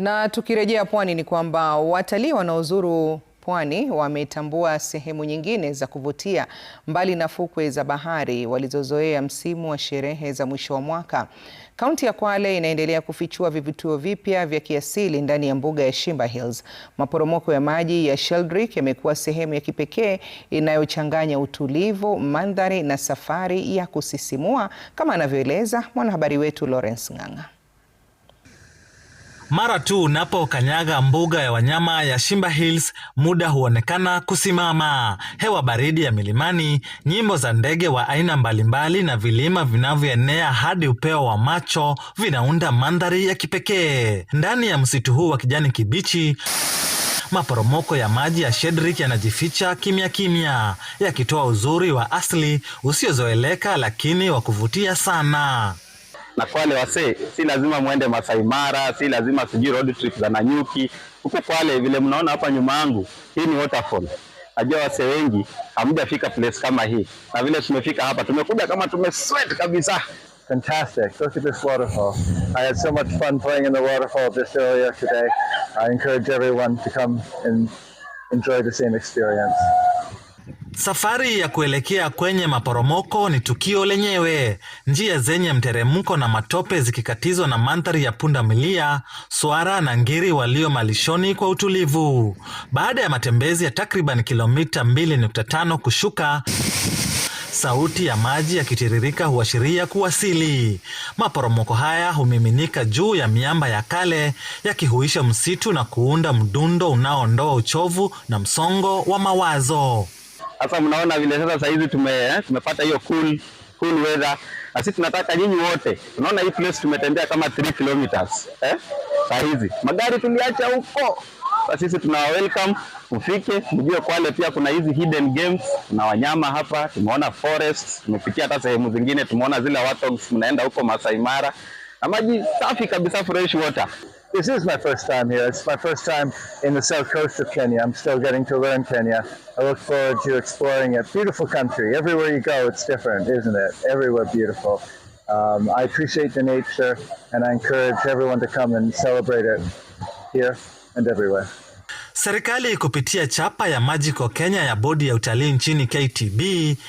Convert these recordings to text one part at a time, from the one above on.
Na tukirejea pwani ni kwamba watalii wanaozuru pwani wametambua sehemu nyingine za kuvutia mbali na fukwe za bahari walizozoea msimu wa sherehe za mwisho wa mwaka. Kaunti ya Kwale inaendelea kufichua vivutio vipya vya kiasili ndani ya mbuga ya Shimba Hills. Maporomoko ya maji ya Sheldrick yamekuwa sehemu ya kipekee inayochanganya utulivu, mandhari na safari ya kusisimua, kama anavyoeleza mwanahabari wetu Lawrence Ng'ang'a. Mara tu unapokanyaga mbuga ya wanyama ya Shimba Hills, muda huonekana kusimama. Hewa baridi ya milimani, nyimbo za ndege wa aina mbalimbali na vilima vinavyoenea hadi upeo wa macho vinaunda mandhari ya kipekee. Ndani ya msitu huu wa kijani kibichi, maporomoko ya maji ya Shedrick yanajificha kimya kimya, yakitoa uzuri wa asili usiozoeleka lakini wa kuvutia sana na Kwale wasee, si lazima muende Masai Mara, si lazima sijui road trip za Nanyuki huko Kwale. Vile mnaona hapa nyuma yangu, hii ni waterfall. Najua wasee wengi hamjafika place kama hii, na vile tumefika hapa, tumekuja kama tumesweat kabisa. Fantastic. Look at this waterfall. I had so much fun playing in the waterfall just earlier today. I encourage everyone to come and enjoy the same experience. Safari ya kuelekea kwenye maporomoko ni tukio lenyewe, njia zenye mteremko na matope zikikatizwa na mandhari ya punda milia, swara na ngiri walio malishoni kwa utulivu. Baada ya matembezi ya takriban kilomita 2.5 kushuka sauti ya maji yakitiririka huashiria kuwasili. Maporomoko haya humiminika juu ya miamba ya kale, yakihuisha msitu na kuunda mdundo unaoondoa uchovu na msongo wa mawazo. Sasa mnaona vile sasa sasa hivi tume eh, tumepata hiyo cool cool weather, na sisi tunataka nyinyi wote, unaona hii place tumetembea kama 3 kilometers eh, saa hizi magari tuliacha huko. Sisi tuna welcome ufike, mjue Kwale pia kuna hizi hidden games, kuna wanyama hapa, tumeona forest, tumepitia hata sehemu zingine, tumeona zile warthogs, mnaenda huko Masai Mara na maji safi kabisa, fresh water. this is my first time here. It's my first time in the south coast of Kenya. I'm still getting to learn Kenya. I look forward to exploring it. Beautiful country. Everywhere you go, it's different, isn't it? Everywhere beautiful. Um, I appreciate the nature, and I encourage everyone to come and celebrate it here and everywhere. Serikali kupitia chapa ya Magical Kenya ya bodi ya utalii nchini KTB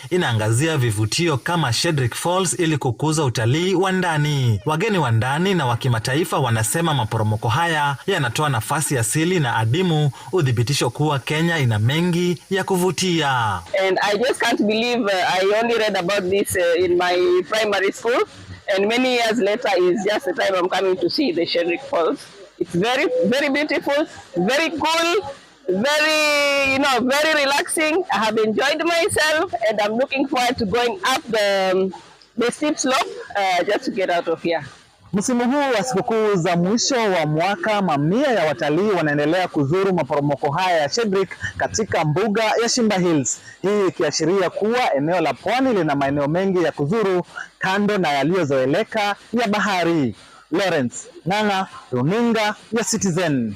inaangazia vivutio kama Shedrick Falls ili kukuza utalii wa ndani. Wageni wa ndani na wa kimataifa wanasema maporomoko haya yanatoa nafasi asili na adimu, uthibitisho kuwa Kenya ina mengi ya kuvutia. And uh, uh, many years later is just the time I'm coming to see the Shedrick Falls. It's very, very beautiful, very cool, very, you know, very relaxing. I have enjoyed myself and I'm looking forward to going up the, um, the steep slope uh, just to get out of here. Msimu huu wa sikukuu za mwisho wa mwaka, mamia ya watalii wanaendelea kuzuru maporomoko haya ya Shedrick katika mbuga ya Shimba Hills, hii ikiashiria kuwa eneo la pwani lina maeneo mengi ya kuzuru kando na yaliyozoeleka ya bahari. Lawrence Nana, runinga ya Citizen.